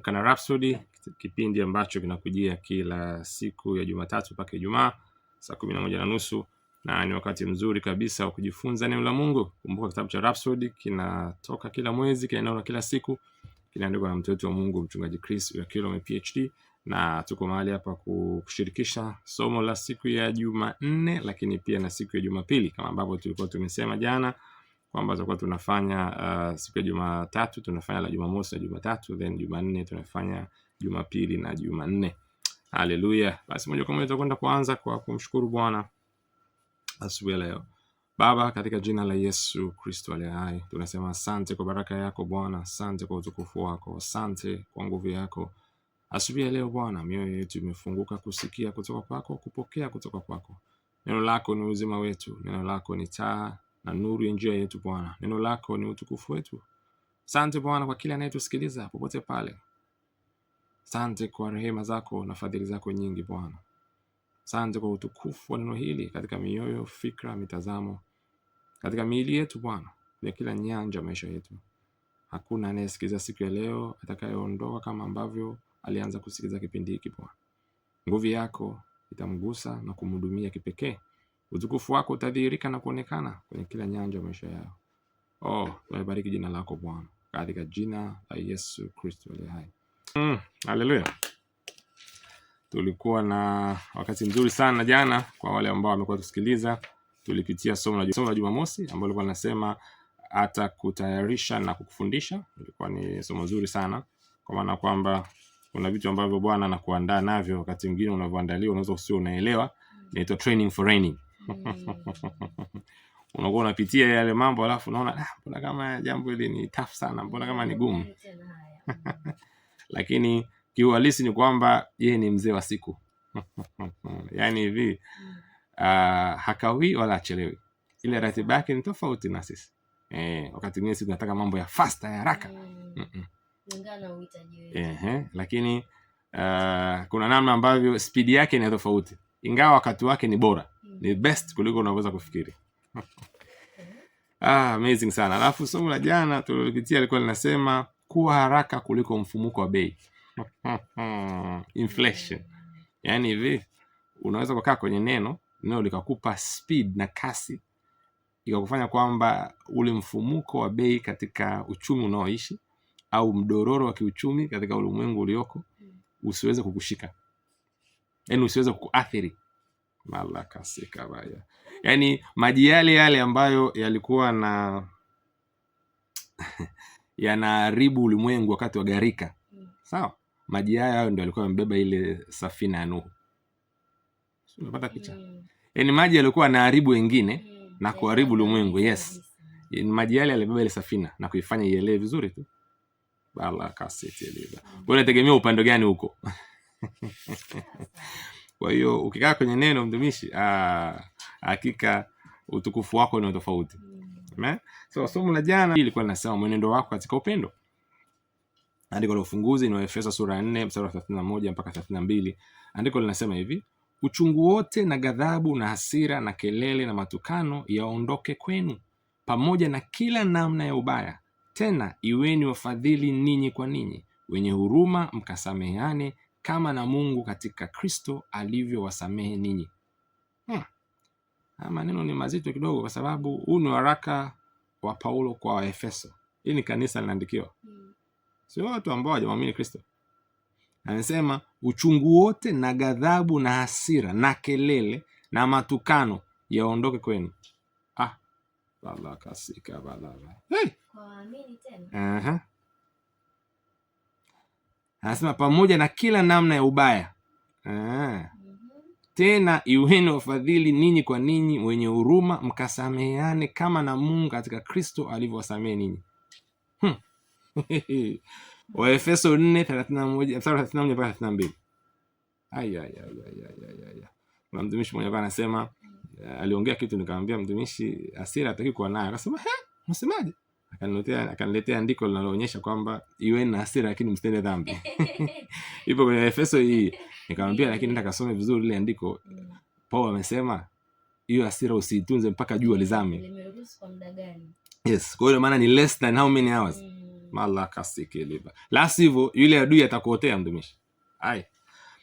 Amka na Rhapsody, kipindi ambacho kinakujia kila siku ya Jumatatu mpaka Ijumaa saa kumi na moja na nusu na ni wakati mzuri kabisa wa kujifunza neno la Mungu. Kumbuka kitabu cha Rhapsody kinatoka kila mwezi, kinaenda kila siku, kinaandikwa na mtoto wa Mungu mchungaji Chris Oyakhilome PhD, na tuko mahali hapa kushirikisha somo la siku ya Jumanne, lakini pia na siku ya Jumapili kama ambavyo tulikuwa tumesema jana kwamba tutakuwa tunafanya uh, siku ya Jumatatu tunafanya la Jumamosi na Jumatatu, then Jumanne tunafanya Jumapili na Jumanne. Haleluya! Basi moja kwa moja tutakwenda kuanza kwa kumshukuru Bwana asubuhi leo. Baba, katika jina la Yesu Kristo aliye hai, tunasema asante kwa baraka yako Bwana, asante kwa utukufu wako, asante kwa nguvu yako asubuhi ya leo Bwana. Mioyo yetu imefunguka kusikia kutoka kwako, kupokea kutoka kwako. Neno lako ni uzima wetu, neno lako ni taa na nuru ya njia yetu Bwana. Neno lako ni utukufu wetu. Sante Bwana kwa kila anayetusikiliza popote pale. Sante kwa rehema zako na fadhili zako nyingi Bwana. Sante kwa utukufu wa neno hili katika mioyo, fikra, mitazamo, katika miili yetu Bwana, ya kila nyanja maisha yetu. Hakuna anayesikiliza siku ya leo atakayeondoka kama ambavyo alianza kusikiliza kipindi hiki Bwana. Nguvu yako itamgusa na kumhudumia kipekee Utukufu wako utadhihirika na kuonekana kwenye kila nyanja ya maisha yao. Oh, tunabariki jina lako Bwana katika jina la Yesu Kristo aliye hai. Mm, haleluya. Tulikuwa na wakati mzuri sana jana kwa wale ambao wamekuwa tusikiliza. Tulipitia somo la somo la Jumamosi ambalo lilikuwa linasema atakutayarisha na kukufundisha. Ilikuwa ni somo zuri sana kwa maana kwamba kuna vitu ambavyo Bwana anakuandaa navyo, wakati mwingine unavyoandaliwa unaweza usio unaelewa. Inaitwa training for reigning. unakuwa unapitia yale mambo alafu unaona ah, mbona kama jambo hili ni tough sana, mbona kama ni gumu lakini kiuhalisi ni kwamba yeye ni mzee wa siku yaani hivi uh, hakawi wala achelewi, ile ratiba yake ni tofauti na sisi eh, wakati mwingine sisi tunataka mambo ya fasta ya haraka Eh, lakini uh, kuna namna ambavyo spidi yake ni tofauti, ingawa wakati wake ni bora ni best kuliko unaweza kufikiri. Ah, amazing sana. Alafu somo la jana tulilopitia ilikuwa linasema kuwa haraka kuliko mfumuko wa bei inflation. Yaani hivi unaweza kukaa kwenye neno neno likakupa speed na kasi ikakufanya kwamba ule mfumuko wa bei katika uchumi unaoishi au mdororo wa kiuchumi katika ulimwengu ulioko usiweze kukushika, yaani usiweze kukuathiri malakasikabaya yaani maji yale yale ambayo yalikuwa na yanaharibu ulimwengu wakati wa garika mm. Sawa, maji hayo hayo ndio alikuwa amebeba ile safina ya Nuhu. Unapata picha? Mm. Yaani maji yalikuwa yanaharibu wengine mm. na kuharibu ulimwengu yaani, yes. Yani, maji yale yalibeba ile safina na kuifanya ielee vizuri tu balakasitiliza Kwa mm. nategemea upande gani huko? Kwa hiyo ukikaa kwenye neno mtumishi, ah, hakika utukufu wako ni tofauti. Mm. Amen. So somo la jana ilikuwa linasema mwenendo wako katika upendo. Andiko la ufunguzi ni Waefeso sura ya 4 mstari wa 31 mpaka 32. Andiko linasema hivi: uchungu wote na ghadhabu na hasira na kelele na matukano yaondoke kwenu, pamoja na kila namna ya ubaya. Tena iweni wafadhili ninyi kwa ninyi, wenye huruma, mkasameheane kama na Mungu katika Kristo alivyowasamehe ninyi. Hmm. Maneno ni mazito kidogo, kwa sababu huu ni waraka wa Paulo kwa Waefeso. Hii ni kanisa linaandikiwa, sio watu ambao hawajamwamini Kristo. Anasema uchungu wote na ghadhabu na hasira na kelele na matukano yaondoke kwenu. Ah. Hey anasema pamoja na kila namna ya ubaya ah. Tena iweni wafadhili ninyi kwa ninyi, wenye huruma, mkasameheane kama na Mungu katika Kristo alivyowasamehe ninyi. Hmm. Waefeso nne mtumishi mmoja anasema, eh, aliongea kitu nikamwambia mtumishi, asira atakikuwa kuwa nayo. Akasema, unasemaje? Yaani akaniletea akaniletea andiko linaloonyesha kwamba iwe na hasira lakini msitende dhambi ipo kwenye Efeso hii. Nikamwambia, lakini nataka kasome vizuri lile andiko. Paulo amesema hiyo hasira usiitunze mpaka jua lizame. Yes, kwa hiyo maana ni less than how many hours mm. malakasikiliba, la sivyo yule adui atakuotea mtumishi. Ai,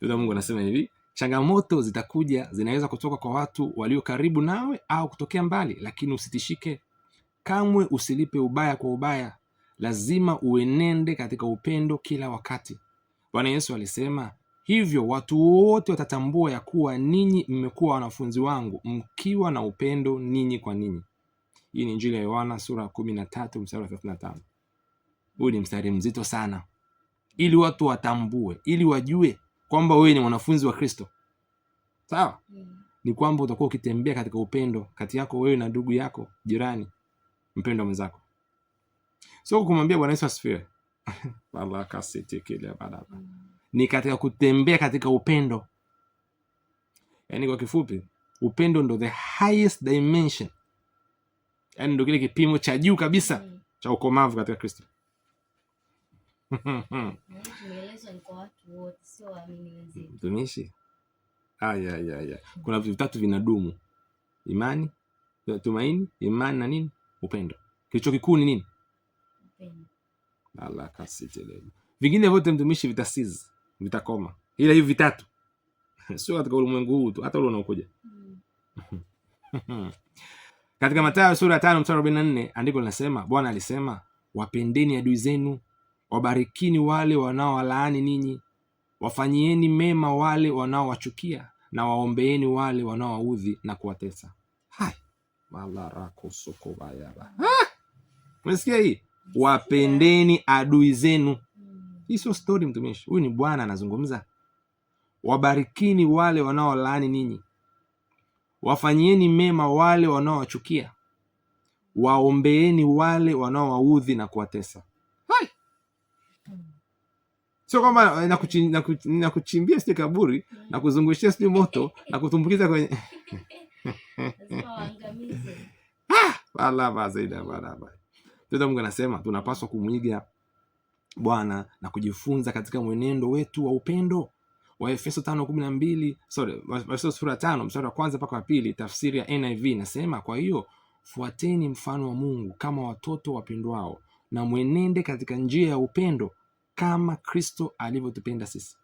yule Mungu anasema hivi Changamoto zitakuja, zinaweza kutoka kwa watu walio karibu nawe au kutokea mbali, lakini usitishike. Kamwe usilipe ubaya kwa ubaya, lazima uenende katika upendo kila wakati. Bwana Yesu alisema hivyo, watu wote watatambua ya kuwa ninyi mmekuwa wanafunzi wangu mkiwa na upendo ninyi kwa ninyi. Hii ni Injili ya Yohana sura kumi na tatu mstari wa thelathini na tano. Huyu ni mstari mzito sana, ili watu watambue, ili wajue kwamba wewe ni mwanafunzi wa Kristo. Sawa, mm. ni kwamba utakuwa ukitembea katika upendo kati yako wewe na ndugu yako jirani mpendo mwenzako, So kumwambia Bwana Yesu asifiwe mm. ni katika kutembea katika upendo. Yaani kwa kifupi, upendo ndo the highest dimension, yaani ndo kile kipimo cha juu kabisa mm. cha ukomavu katika Kristo. Yaani Mtumishi, kuna vitu vitatu vinadumu: imani, tumaini, imani na nini? upendo. Kilicho kikuu ni nini? Vingine vyote mtumishi, vitasizi vitakoma, ila hivi vitatu sio katika ulimwengu huu tu, hata ule unaokuja. Mm. Katika Mathayo sura ya tano mstari arobaini na nne andiko linasema Bwana alisema, wapendeni adui zenu, wabarikini wale wanaowalaani ninyi, wafanyieni mema wale wanaowachukia, na waombeeni wale wanaowaudhi na kuwatesa malarakosokobayaba ah! Unasikia hii, wapendeni adui zenu. Hii sio stori, mtumishi. Huyu ni Bwana anazungumza. Wabarikini wale wanaolaani ninyi, wafanyieni mema wale wanaowachukia, waombeeni wale wanaowaudhi na kuwatesa. Sio kwamba na kuchimbia sijui kaburi na kuzungushia sijui moto na kutumbukiza kwenye Mungu anasema tunapaswa kumwiga Bwana na kujifunza katika mwenendo wetu wa upendo. Waefeso tano kumi na mbili sorry, Waefeso sura tano mstari wa kwanza mpaka wa pili tafsiri ya NIV inasema kwa hiyo fuateni mfano wa Mungu kama watoto wapendwao, na mwenende katika njia ya upendo kama Kristo alivyotupenda sisi.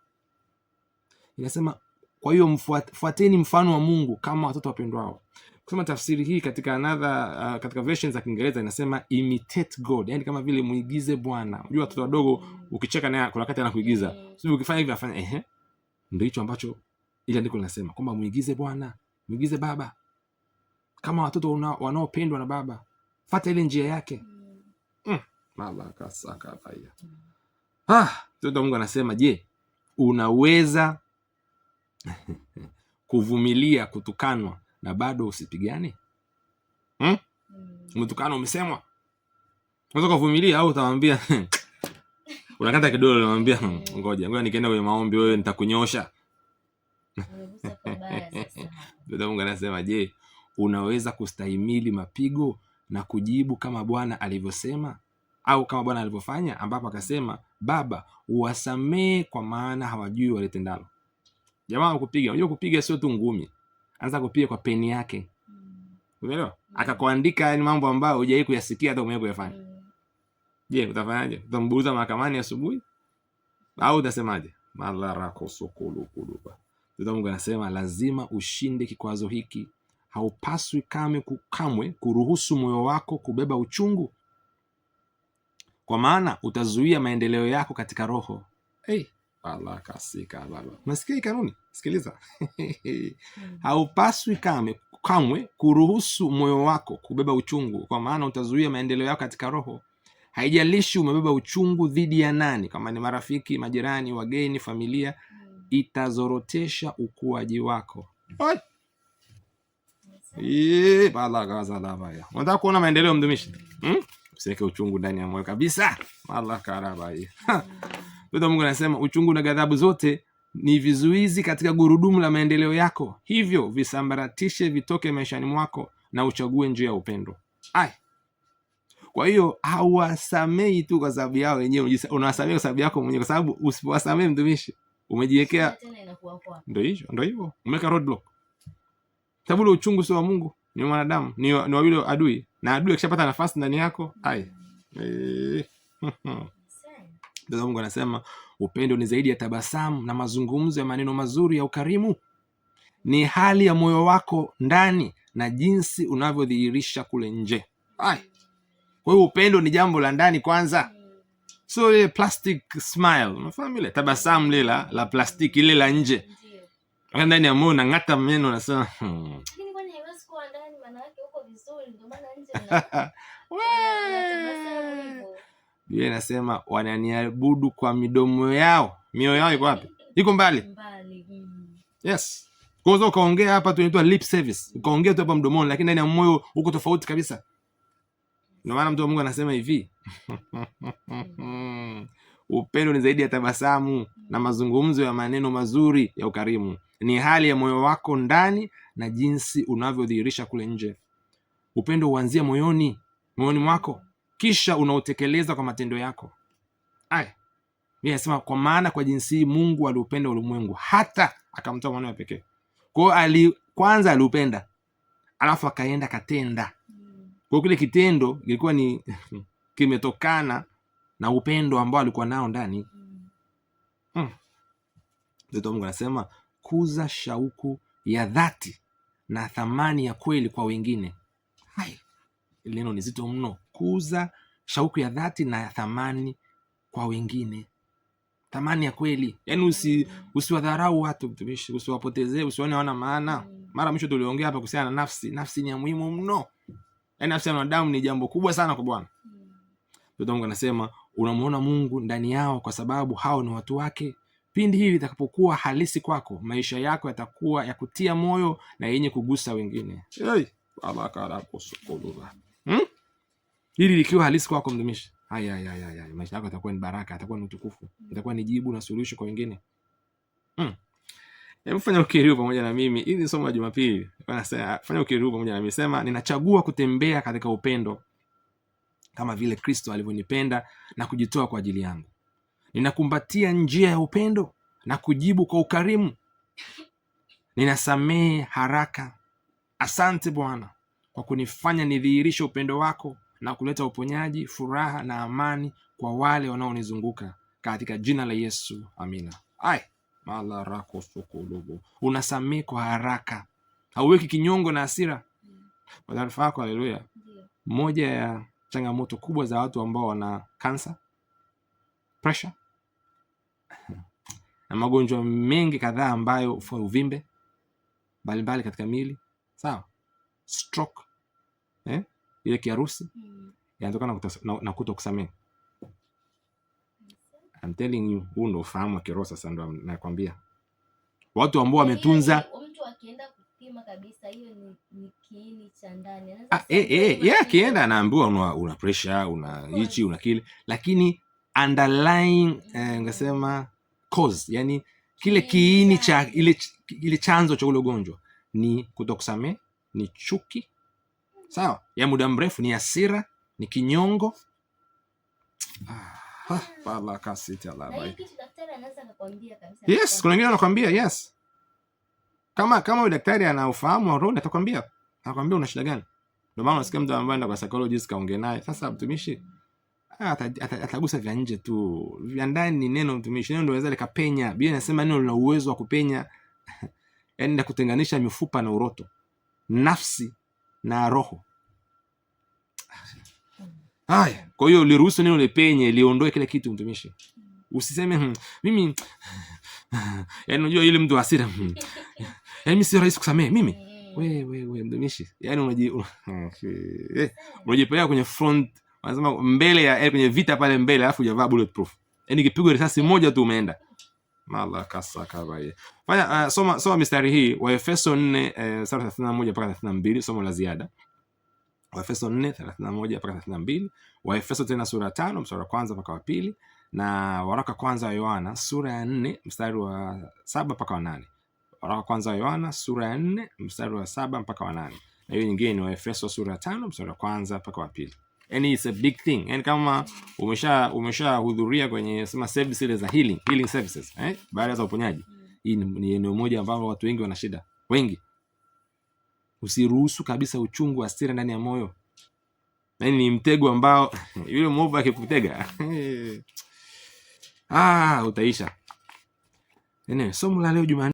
Inasema kwa hiyo fuateni mfano wa Mungu kama watoto wapendwao kusema tafsiri hii katika another, uh, katika version za Kiingereza inasema imitate God, yani kama vile muigize Bwana. Unajua watoto wadogo ukicheka naye kuna wakati anakuigiza, sio? Ukifanya hivi afanya ehe, ndio hicho ambacho ile andiko linasema kwamba muigize Bwana, muigize Baba kama watoto wanaopendwa na Baba, fata ile njia yake. mm. Ah, mtoto Mungu anasema, je, unaweza kuvumilia kutukanwa na bado usipigane hmm? Umetukana, hmm. umesemwa, unaweza kuvumilia au utawaambia unakata kidole, unamwambia hmm, hmm. ngoja ngoja, nikaenda kwenye maombi wewe nitakunyosha. Ndio Mungu anasema, je, unaweza kustahimili mapigo na kujibu kama Bwana alivyosema au kama Bwana alivyofanya, ambapo akasema, Baba uwasamee kwa maana hawajui walitendalo. Jamaa kupiga, unajua kupiga sio tu ngumi anaanza kupiga kwa peni yake mm. umeelewa? mm. Akakuandika yani mambo ambayo hujawahi kuyasikia hata umewahi kuyafanya. mm. Je, utafanyaje? Utambuuza mahakamani asubuhi au utasemaje? madharakosukulukuduba Mungu anasema lazima ushinde kikwazo hiki. Haupaswi kame kukamwe kuruhusu moyo wako kubeba uchungu, kwa maana utazuia maendeleo yako katika roho. Hey, alakasika baba. Nasikia kanuni, sikiliza hmm. haupaswi kame kamwe kuruhusu moyo wako kubeba uchungu, kwa maana utazuia maendeleo yako katika roho. Haijalishi umebeba uchungu dhidi ya nani, kama ni marafiki, majirani, wageni, familia, hmm. itazorotesha ukuaji wako. Hmm. Ee, Unataka kuona maendeleo, mdumishi, Hmm? Usiweke uchungu ndani ya moyo kabisa. Neno Mungu anasema uchungu na ghadhabu zote ni vizuizi katika gurudumu la maendeleo yako, hivyo visambaratishe, vitoke maishani mwako na uchague njia ya upendo. Ai, kwa hiyo hawasamei tu kwa sababu yao wenyewe, unawasamea kwa sababu yako mwenyewe, kwa sababu usipowasamee mtumishi, umejiwekea ndio hicho ndio hivyo, umeweka roadblock, sababu ule uchungu sio wa Mungu, ni mwanadamu, ni wa yule adui, na adui akishapata nafasi ndani yako ai, mm. e. Eh. Ndio Mungu anasema upendo ni zaidi ya tabasamu na mazungumzo ya maneno mazuri ya ukarimu, ni hali ya moyo wako ndani na jinsi unavyodhihirisha kule nje. Ai, kwa hiyo upendo ni jambo la ndani kwanza, so ile eh, plastic smile, unafahamu ile tabasamu lila la plastiki ile la nje, ndani ya moyo unang'ata meno, unasema hmm. Biblia inasema wananiabudu kwa midomo yao, mioyo yao iko wapi? Iko mbali, mbali. Mm. Yes, kwanza ukaongea hapa tunaitwa lip service, ukaongea tu hapa mdomoni, lakini ndani ya moyo uko tofauti kabisa. Ndio maana mtu wa Mungu anasema hivi upendo ni zaidi ya tabasamu na mazungumzo ya maneno mazuri ya ukarimu, ni hali ya moyo wako ndani na jinsi unavyodhihirisha kule nje. Upendo huanzia moyoni, moyoni mwako kisha unaotekeleza kwa matendo yako. Aya, mi inasema kwa maana kwa jinsi hii Mungu aliupenda ulimwengu hata akamtoa mwanawe pekee. Kwa hiyo ali, kwanza aliupenda, alafu akaenda katenda. Kwa kile kitendo kilikuwa ni kimetokana na upendo ambao alikuwa nao ndani. Hmm. mtoto Mungu anasema kuza shauku ya dhati na thamani ya kweli kwa wengine. Hai, neno ni zito mno kukuza shauku ya dhati na ya thamani kwa wengine thamani ya kweli yaani usi, usiwadharau watu mtumishi usiwapotezee usione hawana maana mara mwisho tuliongea hapa kuhusiana na nafsi nafsi ni ya muhimu mno yaani nafsi ya wanadamu ni jambo kubwa sana kwa bwana mtoto wangu anasema unamuona mungu ndani yao kwa sababu hao ni watu wake pindi hivi itakapokuwa halisi kwako maisha yako yatakuwa ya kutia moyo na yenye kugusa wengine hey hili likiwa halisi kwako mtumishi, haya haya haya, maisha yako yatakuwa ni baraka, yatakuwa ni utukufu, yatakuwa ni jibu na suluhisho kwa wengine. Mm. Hebu fanya ukiri pamoja na mimi. Hii ni somo la Jumapili. Fanya ukiri pamoja na mimi. Sema ninachagua kutembea katika upendo kama vile Kristo alivyonipenda na kujitoa kwa ajili yangu. Ninakumbatia njia ya upendo na kujibu kwa ukarimu. Ninasamehe haraka. Asante Bwana kwa kunifanya nidhihirishe upendo wako na kuleta uponyaji, furaha na amani kwa wale wanaonizunguka katika jina la Yesu, amina. Ay, unasamehe kwa haraka, hauweki kinyongo na hasira. Kwa taarifa yako, haleluya. Moja ya changamoto kubwa za watu ambao wana kansa, presha na magonjwa mengi kadhaa ambayo ufa uvimbe mbalimbali katika mili sawa, stroke eh? ile kiharusi mm. yanatokana na, kuto kusamehe. I'm telling you, huu ndo ufahamu wa kiroho sasa, ndo nakwambia watu ambao wametunza akienda anaambiwa una, una pressure una hichi una kile, lakini underlying ngasema eh, mm. cause yani kile kiini cha ile, ile chanzo cha ule ugonjwa ni kutokusamehe, ni chuki sawa, ya muda mrefu ni hasira, ni kinyongo. Ah, yes, kuna wengine wanakwambia yes, kama kama ana ufahamu anaufahamu auroni atakwambia, anakwambia una shida gani. Ndio maana unasikia mtu ambaye anaenda kwa psychologist kaongea naye. Sasa mtumishi ah, atagusa vya nje tu, vya ndani ni neno. Mtumishi neno ndio likapenya. Biblia inasema neno lina uwezo wa kupenya, yaani na kutenganisha mifupa na uroto, nafsi na roho ah, haya. Kwa hiyo liruhusu neno lipenye, liondoe kile kitu, mtumishi. Mm. Usiseme hmm, mimi yaani, unajua ile mtu wa hasira hmm, yaani mi sio rahisi kusamehe mimi mm. we, we, we, mtumishi, yaani eh, unajipea kwenye front, wanasema mbele ya eh, kwenye vita pale mbele, alafu hujavaa bulletproof, yaani ikipigwa risasi moja tu umeenda malakasakabaye fanya uh, soma, soma mistari hii waefeso nne sura eh, thelathini na moja mpaka thelathini na mbili somo la ziada waefeso nne thelathini na moja mpaka thelathini na mbili waefeso tena sura tano mstari wa kwanza mpaka wa pili na waraka kwanza wa yohana sura ya nne mstari wa saba mpaka wa nane waraka kwanza wa yohana sura ya nne mstari wa saba mpaka wa nane na hiyo nyingine ni waefeso sura ya tano mstari wa kwanza mpaka wa pili yani it's a big thing. Yani kama umesha umeshahudhuria kwenye sema service ile za healing, healing services eh, baada za uponyaji, hii ni eneo moja ambapo watu wengi wana shida, wengi. Usiruhusu kabisa uchungu, wa sira ndani ya moyo, yani ni mtego ambao yule mwovu akikutega ah, utaisha. Somo la leo Jumanne